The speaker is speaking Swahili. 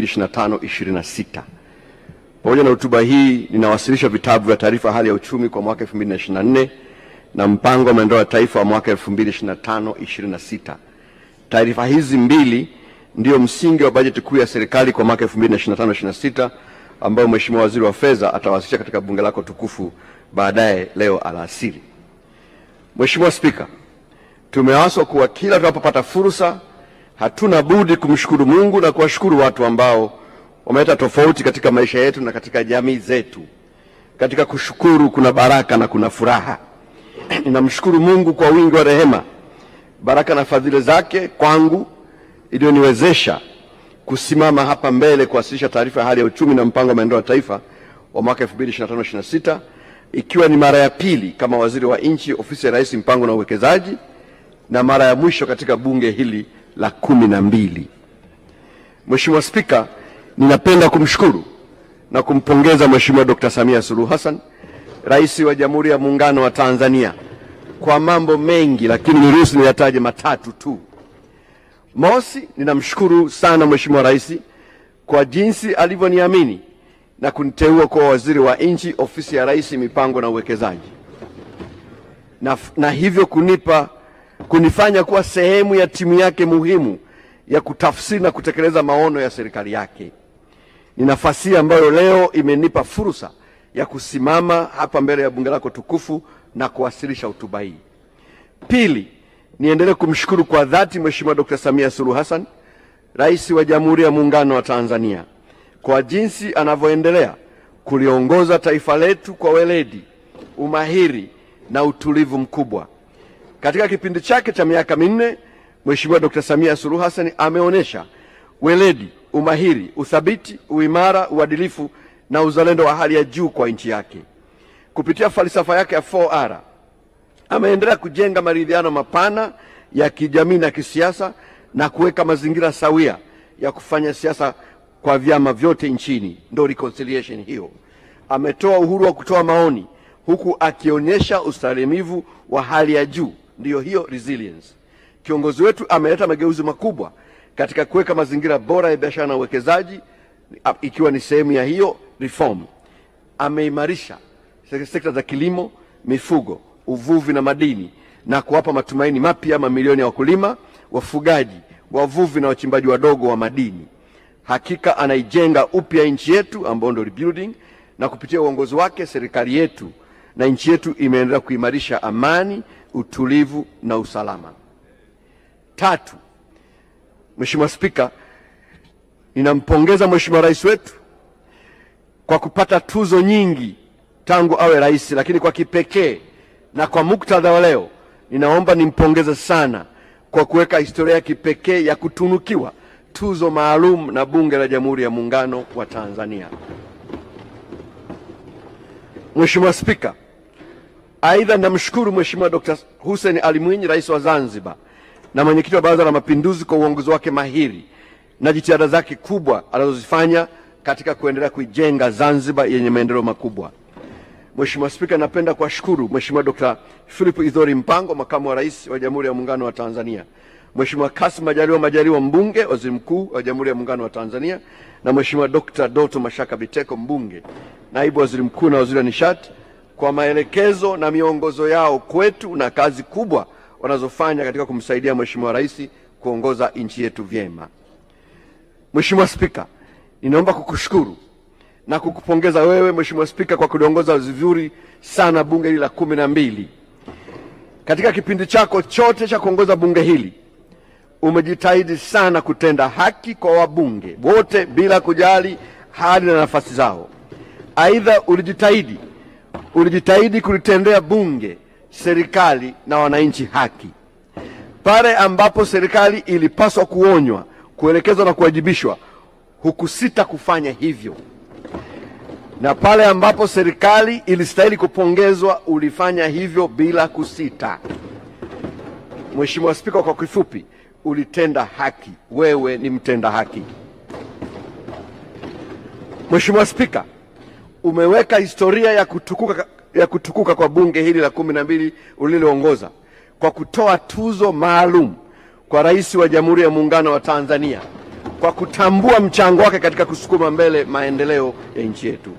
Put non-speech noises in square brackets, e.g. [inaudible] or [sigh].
2025 26. Pamoja na hotuba hii, ninawasilisha vitabu vya taarifa hali ya uchumi kwa mwaka 2024 na mpango wa maendeleo ya taifa wa mwaka 2025 26. Taarifa hizi mbili ndio msingi wa bajeti kuu ya serikali kwa mwaka 2025 26 ambayo Mheshimiwa Waziri wa Fedha atawasilisha katika bunge lako tukufu baadaye leo alasiri. Mheshimiwa Spika, tumewaswa kuwa kila tunapopata fursa hatuna budi kumshukuru Mungu na kuwashukuru watu ambao wameleta tofauti katika maisha yetu na katika jamii zetu. Katika kushukuru kuna baraka na kuna furaha. [clears throat] Ninamshukuru Mungu kwa wingi wa rehema, baraka na fadhili zake kwangu iliyoniwezesha kusimama hapa mbele kuwasilisha taarifa ya hali ya uchumi na mpango wa maendeleo ya taifa wa mwaka 2025 ikiwa ni mara ya pili kama waziri wa nchi ofisi ya Rais, mpango na uwekezaji, na mara ya mwisho katika bunge hili la kumi na mbili. Mheshimiwa Spika, ninapenda kumshukuru na kumpongeza Mheshimiwa Dkt. Samia Suluhu Hassan, Rais wa Jamhuri ya Muungano wa Tanzania kwa mambo mengi, lakini niruhusu niyataje matatu tu. Mosi, ninamshukuru sana Mheshimiwa Rais kwa jinsi alivyoniamini na kuniteua kuwa waziri wa nchi, ofisi ya Rais, mipango na uwekezaji na, na hivyo kunipa kunifanya kuwa sehemu ya timu yake muhimu ya kutafsiri na kutekeleza maono ya serikali yake. Ni nafasi ambayo leo imenipa fursa ya kusimama hapa mbele ya bunge lako tukufu na kuwasilisha hotuba hii. Pili, niendelee kumshukuru kwa dhati Mheshimiwa Dkt. Samia Suluhu Hassan, Rais wa Jamhuri ya Muungano wa Tanzania kwa jinsi anavyoendelea kuliongoza taifa letu kwa weledi, umahiri na utulivu mkubwa. Katika kipindi chake cha miaka minne, Mheshimiwa Dr. Samia Suluhu Hassan ameonyesha weledi, umahiri, uthabiti, uimara, uadilifu na uzalendo wa hali ya juu kwa nchi yake. Kupitia falsafa yake ya 4R ameendelea kujenga maridhiano mapana ya kijamii na kisiasa na kuweka mazingira sawia ya kufanya siasa kwa vyama vyote nchini, ndo reconciliation hiyo. Ametoa uhuru wa kutoa maoni huku akionyesha ustahimilivu wa hali ya juu ndiyo hiyo resilience. Kiongozi wetu ameleta mageuzi makubwa katika kuweka mazingira bora ya biashara na uwekezaji, ikiwa ni sehemu ya hiyo reform. Ameimarisha sekta za kilimo, mifugo, uvuvi na madini na kuwapa matumaini mapya mamilioni ya wakulima, wafugaji, wavuvi na wachimbaji wadogo wa madini. Hakika anaijenga upya nchi yetu ambayo ndio rebuilding, na kupitia uongozi wake serikali yetu na nchi yetu imeendelea kuimarisha amani utulivu na usalama. Tatu, Mheshimiwa Spika, ninampongeza Mheshimiwa Rais wetu kwa kupata tuzo nyingi tangu awe rais, lakini kwa kipekee na kwa muktadha wa leo, ninaomba nimpongeze sana kwa kuweka historia ya kipekee ya kutunukiwa tuzo maalum na Bunge la Jamhuri ya Muungano wa Tanzania. Mheshimiwa Spika, Aidha, namshukuru Mheshimiwa Dkt. Hussein Ali Mwinyi, rais wa Zanzibar na mwenyekiti wa Baraza la Mapinduzi, kwa uongozi wake mahiri na jitihada zake kubwa anazozifanya katika kuendelea kuijenga Zanzibar yenye maendeleo makubwa. Mheshimiwa Spika, napenda kuwashukuru Mheshimiwa Dkt. Philip Idhori Mpango, makamu wa rais wa Jamhuri ya Muungano wa Tanzania, Mheshimiwa Kassim Majaliwa Majaliwa, mbunge waziri mkuu wa Jamhuri ya Muungano wa Tanzania, na Mheshimiwa Dkt. Doto Mashaka Biteko, mbunge naibu waziri mkuu na waziri wa nishati kwa maelekezo na miongozo yao kwetu na kazi kubwa wanazofanya katika kumsaidia Mheshimiwa Rais kuongoza nchi yetu vyema. Mheshimiwa Spika, ninaomba kukushukuru na kukupongeza wewe Mheshimiwa Spika kwa kuliongoza vizuri sana bunge hili la kumi na mbili. Katika kipindi chako chote cha kuongoza bunge hili umejitahidi sana kutenda haki kwa wabunge wote bila kujali hali na nafasi zao. Aidha, ulijitahidi ulijitahidi kulitendea bunge, serikali na wananchi haki. Pale ambapo serikali ilipaswa kuonywa, kuelekezwa na kuwajibishwa, hukusita kufanya hivyo, na pale ambapo serikali ilistahili kupongezwa, ulifanya hivyo bila kusita. Mheshimiwa Spika, kwa kifupi, ulitenda haki. Wewe ni mtenda haki. Mheshimiwa Spika, umeweka historia ya kutukuka, ya kutukuka kwa bunge hili la kumi na mbili uliloongoza kwa kutoa tuzo maalum kwa Rais wa Jamhuri ya Muungano wa Tanzania kwa kutambua mchango wake katika kusukuma mbele maendeleo ya nchi yetu.